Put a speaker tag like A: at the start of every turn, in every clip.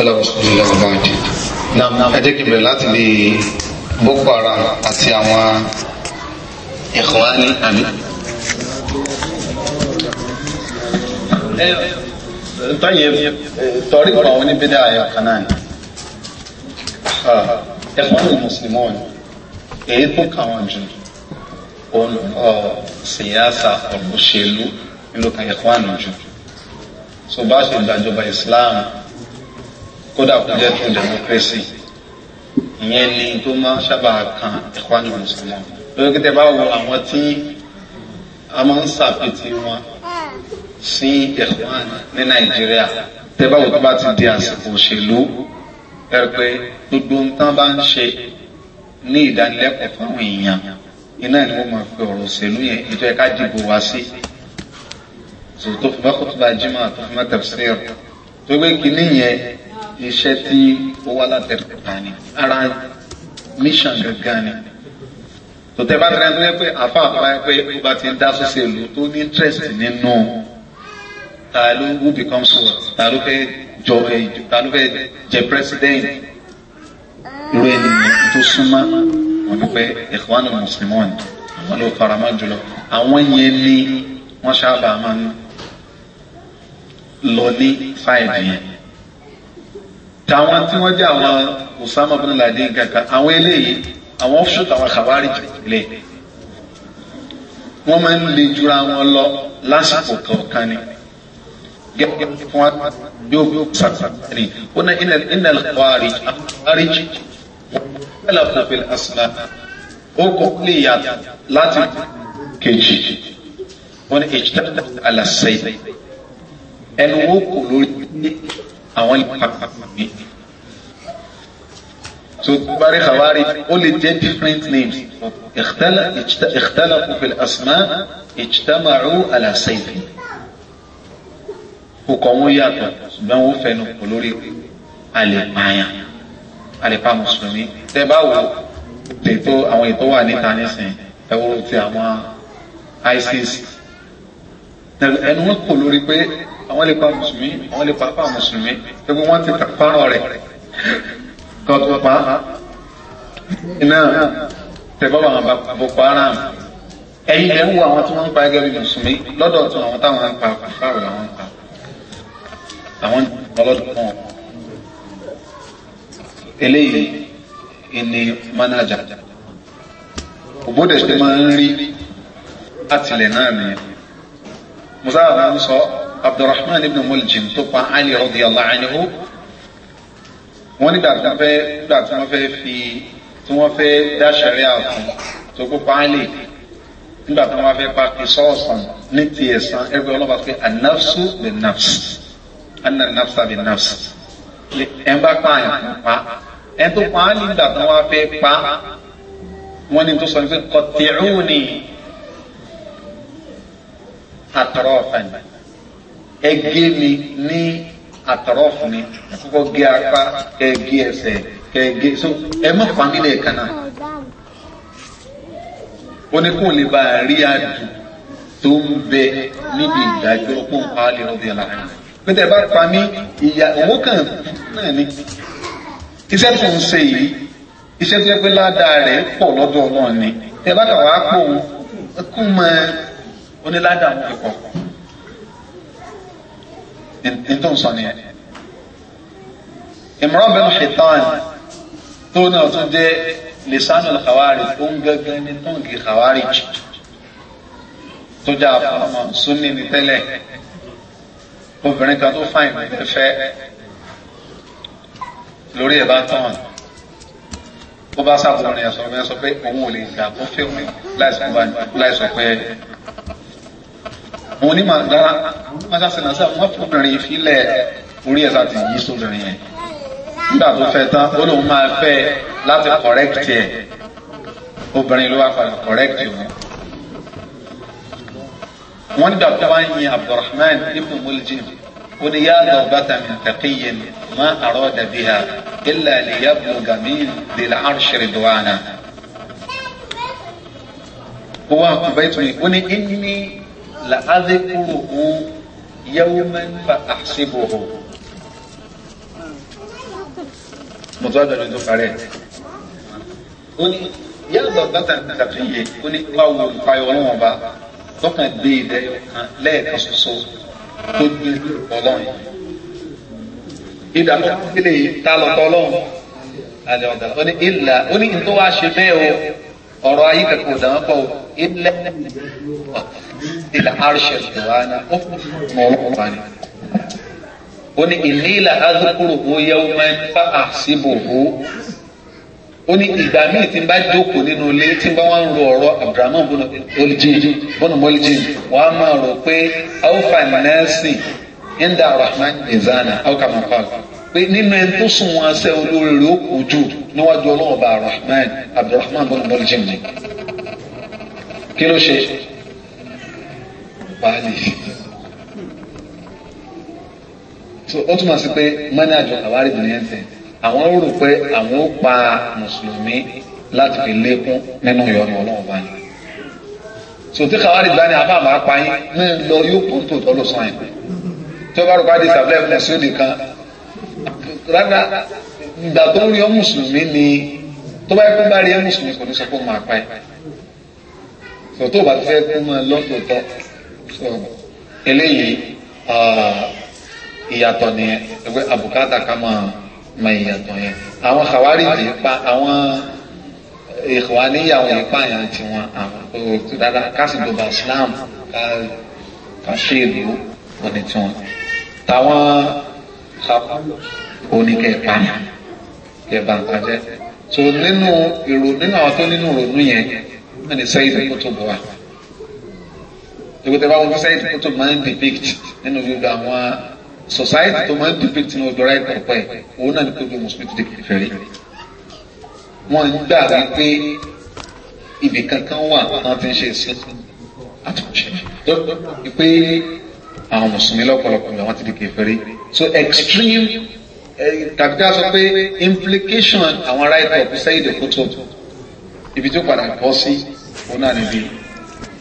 A: ala rasulillah abadi ẹ jẹ́ kí n bẹ̀rẹ̀ láti bí boko haram àti àwọn ikhwani àmì. tọ́yìn tọ́rí kan oníbídà ayọ̀ kan náà ni ikhwani muslimon èyí tó kà wọ́n jù siyasa ọ̀rọ̀ òṣèlú nílò kan ikhwani jù so bá ṣe gbàjọba islam kódà kò jẹ́ tún democracy ìyẹn ni tó máa sábà kan ẹ̀kọ́ ní mùsùlùmọ́ lórí kí tẹ bá wo àwọn tí a máa ń ṣàpètì wọn sí ẹ̀kọ́ ní nàìjíríà tẹ bá wo tó bá ti di àsìkò òṣèlú ẹ gbogbo ohun tán bá ń ṣe ní ìdánilẹ́kọ̀ọ́ fáwọn èèyàn iná ni wọ́n máa fi ọ̀rọ̀ òṣèlú yẹn ìjọ ẹ̀ka dìbò wá sí tó fi bá kó tó bá jí máa tó fi má tẹ̀síìrì tó gbé kínní yẹn iṣẹ́ tí ó wá látẹ̀kùtà ni ara mission gangan ni tòtẹ́ bá tẹ̀lé tó yẹ pé àfa àfa yẹ pé ó bá ti ń dá sọ́sẹ̀ lò tó ní interest nínú ta ló who becomes what ta ló fẹ́ jọ ẹ ta ló fẹ́ jẹ president irú ènìyàn tó súnmọ́ wọn ni pé Ikhwanul Muslimun àwọn ló fara mọ́ jùlọ àwọn yẹn ni wọ́n sábà máa ń lọ ní fáìlì yẹn tàwọn tí wọ́n jẹ́ àwọn Usama bin Laden kankan àwọn eléyìí àwọn offshoot àwọn khawarij lè wọ́n máa ń le jura wọn lọ lásìkò kọ̀ọ̀kan ni gẹ́gẹ́ fún wa yóò sàkàtì ó ná iná khawarij khawarij wọ́n kọ́ fil aslam ó kọ́ lè yàtọ̀ láti kejì wọ́n ní ìjìdá alasẹ́ ẹnu wo kò lórí àwọn ìpàkọ́ mi so bari khawari ó lè jẹ́ different names ikhtalafu fil asma ijtama'u ala sayfi kókò wọn yàtọ̀ ṣùgbọ́n wọ́n fẹnu kò lórí àlèpààyàn àlèpà mùsùlùmí tẹ bá wò ètò àwọn ètò wà níta nísìnyí ẹ ti àwọn ISIS ẹnu wọn kò lórí pé àwọn lè pa mùsùlùmí àwọn lè pa apá mùsùlùmí gbogbo wọn ti pààrọ̀ rẹ̀ kọ́tù pa iná tẹ̀bọ́bà àwọn boko haram ẹ̀yìn ẹ̀ ń wo àwọn tí wọ́n ń pa gẹ́gẹ́ bí mùsùlùmí lọ́dọ̀ tí àwọn táwọn ń pa pààrọ̀ làwọn ń pa àwọn ọlọ́dún kan eléyìí ni mánájà òbódè ṣe máa ń rí àtìlẹ̀ náà nìyẹn musa àwọn sọ abdulrahman ibn muljim tó pa ali radiyallahu anhu wọ́n nígbà tí wọ́n fẹ́ gbà tí wọ́n fẹ́ fi tí wọ́n fẹ́ dá sẹ̀ríà fún tó kó pa ali nígbà tí wọ́n fẹ́ pa kìsọ́ọ̀sán ní ti ẹ̀sán ẹgbẹ́ ọlọ́pàá pé anafsu bin nafs anna nafsa bin nafs ẹ̀ ń bá pààyàn fún pa ẹ̀ tó pa ali nígbà tí wọ́n fẹ́ pa wọ́n ní tó sọ pé qati'uni atrafan ẹgé mi ní àtọ̀rọ̀fù ni kọ́kọ́ gé apá kẹ́gé ẹsẹ̀ kẹ́gé so ẹ má fà mí lẹ́ẹ̀kan náà ó ní kó lè bá a rí àdùn tó ń bẹ níbi ìdájọ́ kó ń pa á lè rọ́bì ọ̀la pété bá pa mí ìyá owó kan náà ni iṣẹ́ tó ń ṣe yìí iṣẹ́ tó yẹ pé ládàá rẹ̀ pọ̀ lọ́dọ̀ ọlọ́run ni tẹ bá kà wá pò ó kún mọ́ oníládàá mú ìkọ̀kọ̀ ètò ń sọ nìyẹn. Imran bin Hitan tó náà tún jẹ́ lisanul khawarij ó ń gẹ́gẹ́ ní tóǹgì khawarij tó jẹ́ àfọmọ́ súnni ní tẹ́lẹ̀ obìnrin kan tó fáìn ní fẹ́ lórí ẹ̀ bá tán wọn bó bá sábà lórí ẹ̀ sọ̀rọ̀ bẹ́ẹ̀ sọ pé òun ò lè gbà kó fẹ́ mi láìsọ pé àwọn onímọ̀ dára àwọn onímọ̀ sáà sẹ̀nà sáà wọ́n fọbìnrin ìfilẹ̀ orí ẹ̀ sáà ti yí sóbìnrin yẹn nígbà tó fẹ́ tán ó lóun máa fẹ́ láti kọ̀rẹ́kìtì ẹ̀ obìnrin ló wá padà kọ̀rẹ́kìtì wọn. wọ́n ní dàbí wá yin Abdulrahman ibn Muljim ó ní yáa lọ bàtà mi tàkìyìn má àrọ́ dàbí ha ilà lè yá bùgàmí lè la àrùsìrì dùwánà. ó wá kùbẹ́tù ni ó ní ẹni ní. لأذكره يوما فأحسبه متواضع لدو فاريت قولي يا ضربة تقية قولي قوة قيولون وبا تقنى بيدة لا يكسسو قد قولون إذا قلت لي تعالى قولون هذا هو ده قولي إلا قولي إنتوا عشبه ọ̀rọ̀ ayé kẹ̀kọ́ ọ̀dà wọn ilẹ̀ ilẹ̀ arṣẹ̀ ìwáná ó mọ̀ ọ́ wà ní. ó ní ìnílà azukuru oyáwó máa ń fa àṣìbòbò ó ní ìgbà míì tí n bá jókòó nínú ilé tí n bá wá ro ọ̀rọ̀ abdulrahman bọ́nùmọ́lìjì inda rahman izana alkama park pé nínú ẹni tó sùn wọn ṣe olórí rẹ̀ ó kù jù níwájú ọlọ́ọ̀bà rahman abdulrahman bọ́nùmọ́lìjì ni kí ló ṣe baálé so ó túmọ̀ sí pé mọ́nájọ àwárí nìyẹn sìn àwọn rò pé àwọn ó pa mùsùlùmí láti fi lékún nínú ìyọnu ọlọ́run bá ní sòtí kàwárí gbani àbá máa pa yín náà lọ yóò pọ̀ tó tọ́ ló sàn yín tí wọ́n bá rò pé àdìsá fúlẹ̀ fúlẹ̀ sóde kan rárá ìgbà tó ń rí ọ mùsùlùmí ni tó bá yẹ kó bá rí ẹ mùsùlùmí kò ní sọ pé ó máa pa yín sọ̀tò bá fẹ́ kú mọ́ lọ́tọ̀ọ̀tọ̀ sọ eléyìí ìyàtọ̀ nìyẹn ẹgbẹ́ àbùkátà ká máa ma ìyàtọ̀ yẹn àwọn kàwárìjì pa àwọn ìwà níyàwó ipa yẹn ti wọn àwọn òtù dáadáa kásì dòbà Islam ká ṣe ìlú òní tí wọn táwọn oníkẹ̀ẹ́pá kẹ̀ẹ́bà nǹkan jẹ́ so nínú ìrò nínú àwọn tó nínú ìrònú yẹn náà ni Sayyid Qutb wa tòkòtò bá wọn fún Sayyid Qutb máa ń depict nínú gbogbo àwọn society tó máa ń depict ní odò ráì pọ̀pọ̀ ẹ̀ òun náà ni kó bí mùsùlùmí ti di fẹ̀rí wọn ń gbà wípé ibì kankan wà wọn ti ń ṣe sí àtúnṣe pé àwọn mùsùlùmí lọ́pọ̀lọpọ̀ ni àwọn ti di kèfèrí so extreme tàbí ká sọ pé implication àwọn right of Sayyid Qutb ibi tó padà bọ́ sí òun náà níbi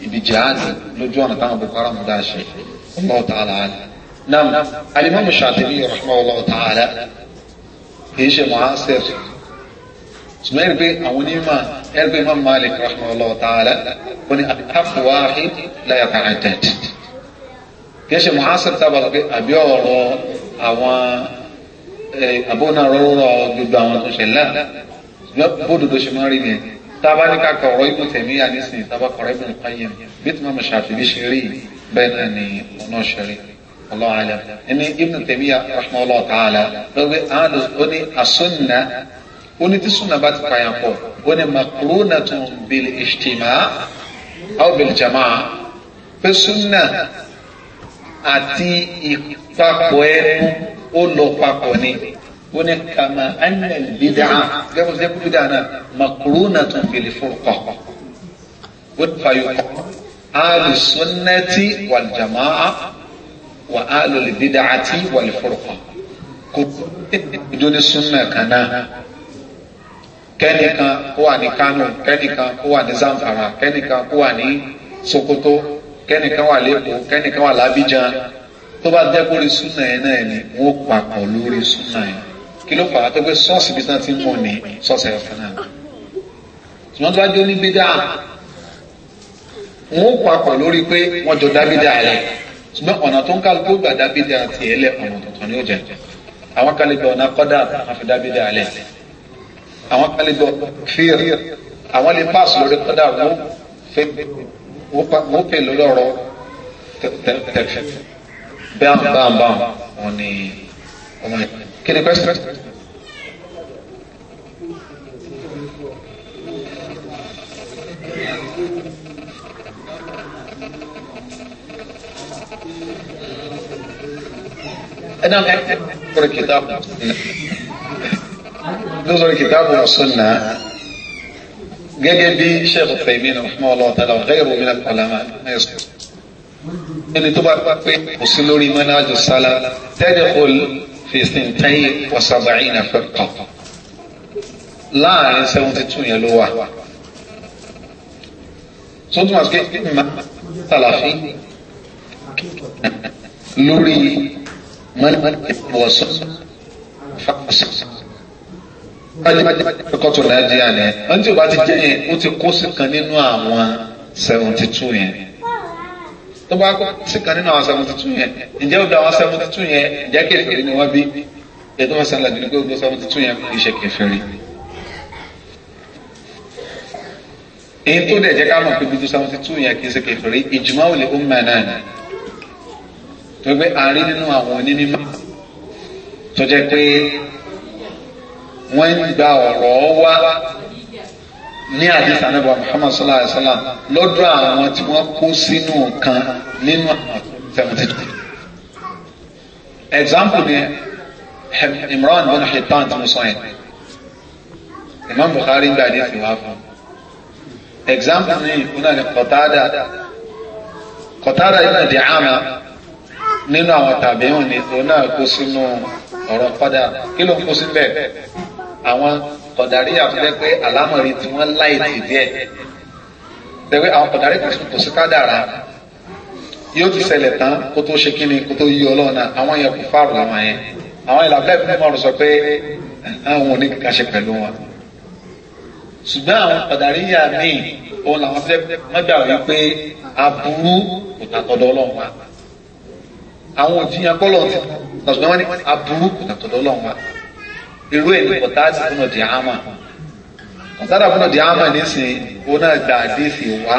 A: ibi jihadi lójú ọ̀nà táwọn boko haram dá ṣe Allah ta'ala ali naam alimami Shatibi rahimahullah ta'ala kìí ṣe muhasir ṣùgbọ́n ẹ̀rí pé àwọn onímọ̀ ẹ̀rí pé imam Malik rahimahullah ta'ala wọ́n ni àtàkù wahid la yata'addad kìí ṣe muhasir tábà pé àbí ọ̀rọ̀ àwọn eh, àbónà rọrọ gbogbo àwọn tó ṣẹlẹ̀ bódodo ṣe máa rí nìyẹn tába ní ká kọ̀rọ̀ Ibn Taymiyyah nísìnyí tába kọ̀rọ̀ Ibn Qayyim bí tí màmú Shafi'i ṣe rí bẹ́ẹ̀ náà ni ọ̀nà ṣe rí Allahu a'lam ẹni Ibn Taymiyyah rahimahullahu ta'ala lọ́gbẹ́ àádọ́ ó ní as-sunnah ó ní tí sunna bá ti pààyàn pọ̀ ó ní maqrunatun bil ijtima' aw bil jama'a pé sunna àti ìpapọ̀ ẹnu ó lọ papọ̀ ni ó ní kàmá anil bid'a gẹ́gùn sẹ́kù bídà náà makrunatun fil furqah ó fàyọ̀ alu sunnati wal jama'a wa alu bid'ati wal furqah kò tó ní sunna kan náà kẹ́nìkan kó wà ní Kano kẹ́nìkan kó wà ní Zamfara kẹ́nìkan kó wà ní Sokoto kẹ́nìkan wà lẹ́kọ̀ọ́ kẹ́nìkan wà lábíjan tó bá dẹ́kun lórí súnà yẹn náà ni wọ́n papọ̀ lórí súnà yẹn kí ló fà á tó pé sọ́ọ̀sì bí wọ́n ti ń mọ̀ ní sọ́ọ̀sì ẹ̀yọ̀ kan náà ṣùgbọ́n tó bá jó ní bídà wọn ó papọ̀ lórí pé wọ́n jọ dá bídà rẹ̀ ṣùgbọ́n ọ̀nà tó ń kálukú gbà dá bídà tiẹ̀ lẹ̀ ọ̀nà tuntun ni ó jẹ àwọn kálíbẹ̀ ọ̀nà kọ́dà àfi dá bídà rẹ̀ àwọn kálíbẹ̀ fíìr àwọn lè pàṣẹ lórí kọ́dà wọn ó pè lórí ọ̀rọ̀ tẹ̀fẹ̀ bẹ́ẹ̀ bá ń bá wọn ni ọmọ ìpínlẹ̀. Can you question? أنا نعم. أذكر الكتاب نظر الكتاب والسنة جاء بي شيخ التيمين رحمه الله تعالى وغيره من العلماء ما يذكر يعني تبقى وصلوا لي منهج الصلاة تدخل في thintain فرقة لا 72 láàrin seventy two yẹn ló wà tó tún àti wọ́n ti bá ti jẹ́ yẹn ó ti kó sí kan nínú àwọn seventy yẹn tó bá kọ́ sí kan nínú àwọn seventy yẹn ǹjẹ́ ó da àwọn seventy two yẹn ǹjẹ́ kèrèkèrè ni wọ́n bí ẹ̀ tó máa san làdùn ní pé ó gbọ́ seventy two yẹn kò ní ṣe kèfèrí. èyí tó dẹ̀ jẹ́ ká mọ̀ pé bíbí seventy yẹn kì í ṣe kèfèrí ìjùmọ̀ ò lè ó náà ni. tó àárín nínú àwọn onímọ̀ tó jẹ́ pé wọ́n ń gba ọ̀rọ̀ wá ní àdìsá níbo Muhammad sallallahu alayhi wa sallam lọ́dọ̀ àwọn tí wọ́n kó sínú nǹkan nínú àwọn seventy example ni Imran bin Hitan tí mo sọ yẹn Imam Bukhari gba àdìsí wa fún example ni ìkúnná ni Qatada Qatada ibn Di'ama nínú àwọn tàbí òun ni òun náà kó sínú ọ̀rọ̀ padà kí ló ń kó sí bẹ́ẹ̀ àwọn kọ̀dàrí àtúndẹ́ pé àlámọ̀rí tí wọ́n láì tì díẹ̀ tẹ̀wé àwọn kọ̀dàrí kan kò sí kádàrá yóò ti ṣẹlẹ̀ tán kó tó ṣe kíni kó tó yí ọlọ́ọ̀nà àwọn yẹn kò fáàrù làwọn yẹn àwọn yẹn làbẹ́ fún mọ́rùn sọ pé àwọn ò ní kíkà ṣe pẹ̀lú wọn. ṣùgbọ́n àwọn kọ̀dàrí yà míì òun làwọn fẹ́ mọ́gbà wípé aburú aburú kò tàtọ̀dọ̀ ọlọ́run irú ẹ̀ ní pọ̀táàsì fúnà di hama pọ̀táàsì fúnà di hama nísìn òun náà gba àdéhìí wá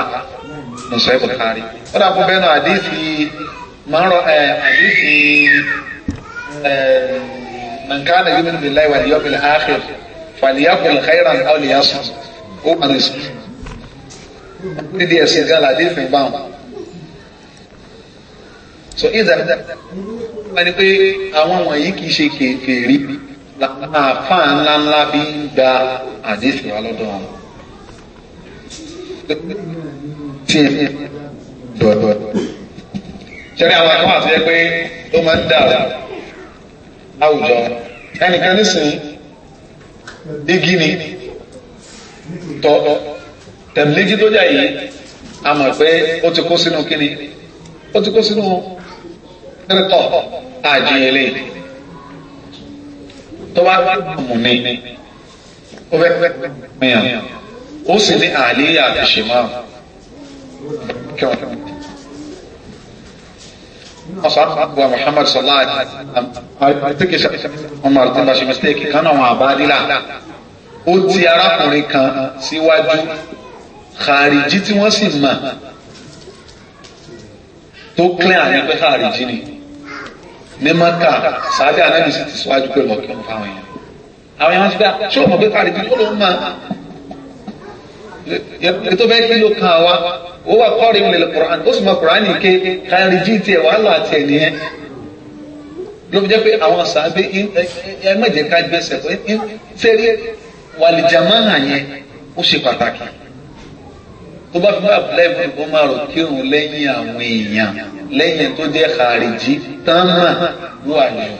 A: nùsọ̀ ẹ̀ bùkárí ó dà fún bẹ́ẹ̀ náà àdéhìí máa ń rọ ẹ̀ àdéhìí ẹ̀ mọ̀nkánà yóò mímu bìláì wà ní yọ́bìlì áàkìr fàlìyàkùn khairan aw liyasum ó máa rẹ̀ sùn nídìí ẹ̀sìn gan làdéhìí báwọn so ìdá ẹni pé àwọn wọ̀nyí kì í ṣe kèfèrí bíi làwọn àfa ńláńlá bí ń gba àdéhùn wa lọ́dọ̀ wọn. tí ẹ dọ̀dọ̀ sẹ́ni àwọn akọ́ àti ẹ pé ó máa ń dà láwùjọ ẹnìkan nísìnyí igi ni tọ́ tẹ̀mílẹ́jì tó jà yìí a mọ̀ pé ó ti kó sínú kíni ó ti kó sínú kíni tọ́ àjìyẹlẹ́yìn tó bá gùn ní ó fẹ́ mìíràn ó sì ní àléyà àbíṣe máa kẹwọn. Ọ̀sán wa Muhammad Sallallahu alaihi wa sallam ọmọ àti ọmọ ṣe mistake kan náà wọn àbá Ó ti arákùnrin kan síwájú kàrìjí tí wọ́n sì mọ̀ tó clear ní pé ni ní maka sáájú anábì sì ti síwájú pé lọ́ọ́ kírun fáwọn èèyàn àwọn èèyàn ti gbà ṣé o mọ̀ pé káàdì bíi olóhùn máa ètò bẹ́ẹ̀ kí ló kan àwa ó wà kọ́rin lè lè kùrán ó sì mọ kùrán ní ké káyọ̀rì jí tiẹ̀ wàhálà tiẹ̀ nìyẹn ló fi jẹ́ pé àwọn sáábé ẹ mọ̀jẹ̀ ká gbẹ́sẹ̀ pé ṣeré wàlìjàmáhà yẹn ó ṣe pàtàkì tó bá fi mọ́ abdullahi ibn umar kírun lẹ́yìn àwọn èèyàn lẹ́yìn tó jẹ́ kàrìjì tánmà ló wà ní o.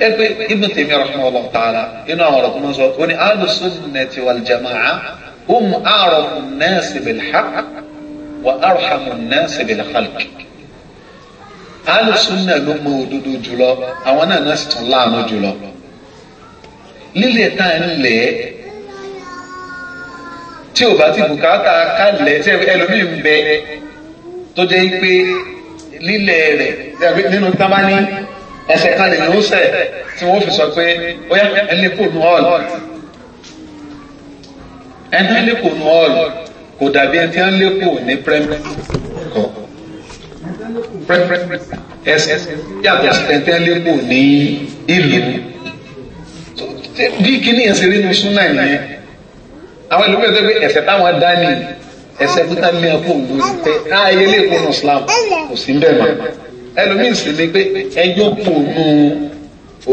A: ẹ pé ibn tèmi rahimahullah ta'ala inú àwọn ọ̀rọ̀ tó máa ń sọ ó ní al-sunnati wal jama'a hum a'rafu an-nasi bil-haqq wa arhamu an-nasi bil-khalq alùsùnà ló mọ òdodo jùlọ àwọn náà náà sì tún láàánú jùlọ lílẹ̀ tá à ń lẹ̀ ẹ́ tí ò bá ti bùkátà kálẹ̀ tí ẹlòmíì ń bẹ tó jẹ́ pé lílẹ̀ rẹ̀ nínú tábà ní ẹsẹ̀ kan lè ló sẹ̀ tí wọ́n fi sọ pé ó yá ẹni kò nu ọ̀l ẹni kò nu ọ̀l kò dàbí ẹni tí wọ́n lé kò ní pẹ́rẹ́mẹ́ kọ̀ pẹ́rẹ́mẹ́ ẹsẹ̀ yàtọ̀ sí ẹni tí wọ́n lé kò ní ìlú bí kíní ẹsẹ̀ nínú súnà yẹn àwọn ìlú mìíràn tó pé ẹ̀sẹ̀ táwọn dá ní ẹ̀sẹ̀ fúta ní ẹ̀kọ́ ògùn pé ah, ààyè lè kó nù Islam kò sí bẹ́ẹ̀ mọ́ ẹlòmíín sì ni pé ẹjọ́ pò nù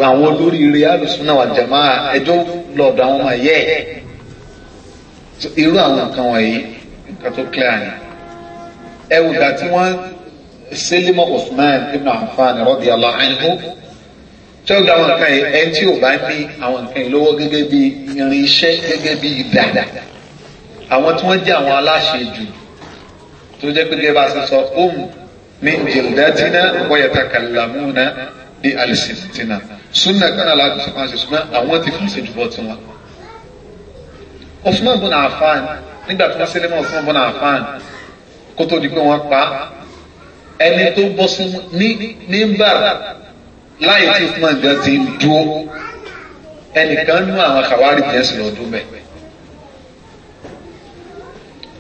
A: àwọn olóríire alùsùnà wà jàmá ẹjọ́ lọ́dọ̀ àwọn ọmọ ẹ̀yẹ́ irú àwọn nǹkan wọ̀nyí nǹkan tó clear ni ẹ̀wùdà tí wọ́n sẹ́lẹ̀mọ́ Usman ibn Affan radiyallahu anhu tí ó gba àwọn nǹkan yìí ẹ tí ò bá ní àwọn nǹkan yìí lọ́wọ́ gẹ́gẹ́ bí irin iṣẹ́ gẹ́gẹ́ bí ìdá àwọn tí wọ́n jẹ́ àwọn aláṣẹ jù tó jẹ́ pé gẹ́gẹ́ bá a ṣe sọ ohun ní jildatina wa yatakallamuna bí alsinatina súnà kan aláàbò tó máa ṣe súnà àwọn ti fàṣẹ jù bọ́ tiwọn. Usman bun Affan nígbà tí wọ́n ṣẹlẹ̀ mọ́ Usman bun Affan kó tó di pé wọ́n pa ẹni tó bọ́ sí ní níbàrà láyé tí Usman gan ti dúó ẹnìkan nú àwọn kàwárí jẹ́ sùn lọ́dún bẹ́ẹ̀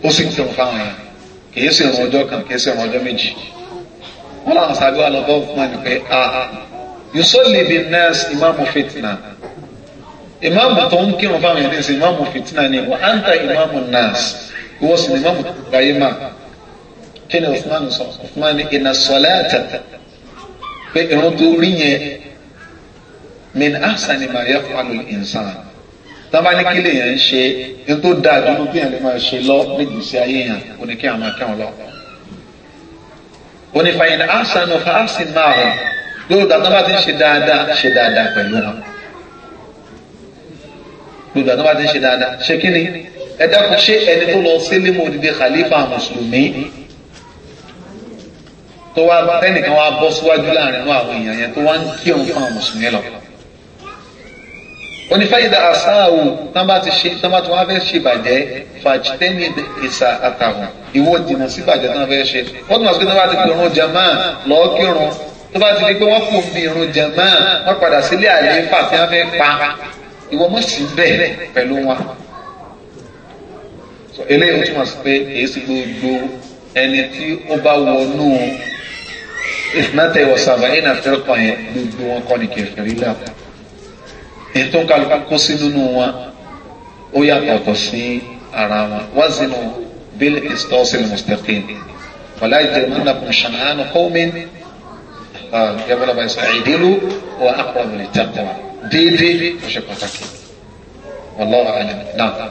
A: ó sì kírun fáwọn yẹn kìí sì rún ọjọ́ kan kìí sì rún ọjọ́ méjì wọ́n làwọn sábẹ́ wà lọ́dọ̀ Usman pé a yusolli bin nas imamu fitna ìmáàmù tó ń kírun fáwọn yẹn ní sè ìmáàmù fìtínà ni wọ́n á ń ta ìmáàmù nàásì ìwọ́sìn ìmáàmù tó gbáyé máa kí ni Usman sọ Usman ni inna salata pé irun tó rí yẹn min ahsani ma yaf'alu al-insan tábàní kí lè yẹn ń ṣe ní tó dáa dúró bí yẹn lè máa ṣe lọ nígbèsí ayé yẹn kò ní kí àwọn akẹ́wọ̀n lọ. onífàyín ahsanu fa ahsin máa wọ̀ lórí dá, tó bá ti ń ṣe dáadáa ṣe dáadáa pẹ̀lú wọn. lórí ìgbà tó bá ti ń ṣe dáadáa ṣe kí ni ẹ dákun ṣé ẹni tó lọ sílé mọ́ òdìdí khalifa mùsùlùmí tó wá tẹnìkan wá bọ́ síwájú láàrin inú àwọn èèyàn yẹn tó wá ń kí òun fún àwọn mùsùlùmí lọ. onífàyèdà àsáàwò tán bá ti ṣe tán bá ti wá fẹ́ ṣe ìbàjẹ́ fàjítẹ́nì ìsà àtàwọn ìwọ dìnnà sí ìbàjẹ́ tán fẹ́ ṣe wọ́n tún wá sí pé tán bá ti pè irun jama lọ́ọ́ kírun tó bá ti di pé wọ́n kò mi irun jama wọ́n padà sílé àlééfà tí wọ́n fẹ́ pa ìwọ mọ̀ sí bẹ́ẹ̀ pẹ̀lú wọn. eléyìí túmọ̀ sí pé èyí sì gbogbo ẹni tí ó bá wọnú اثنتي وسبعين فرقة ضد وقال كفر الله ètò kálukú kó sí nínú wọn ó yàtọ̀tọ̀ sí ara wọn wọ́n sínú bil istọ́sìn mustaqim wàlá ìjẹ̀mọ́nà kún ṣàmánù kọ́min yabọ́lábà ìsàìdílù wà aqrabu littaqwa déédéé ó ṣe pàtàkì wallahu a'lam náà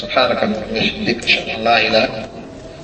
A: subhanaka wa bihamdika ashhadu an la ilaha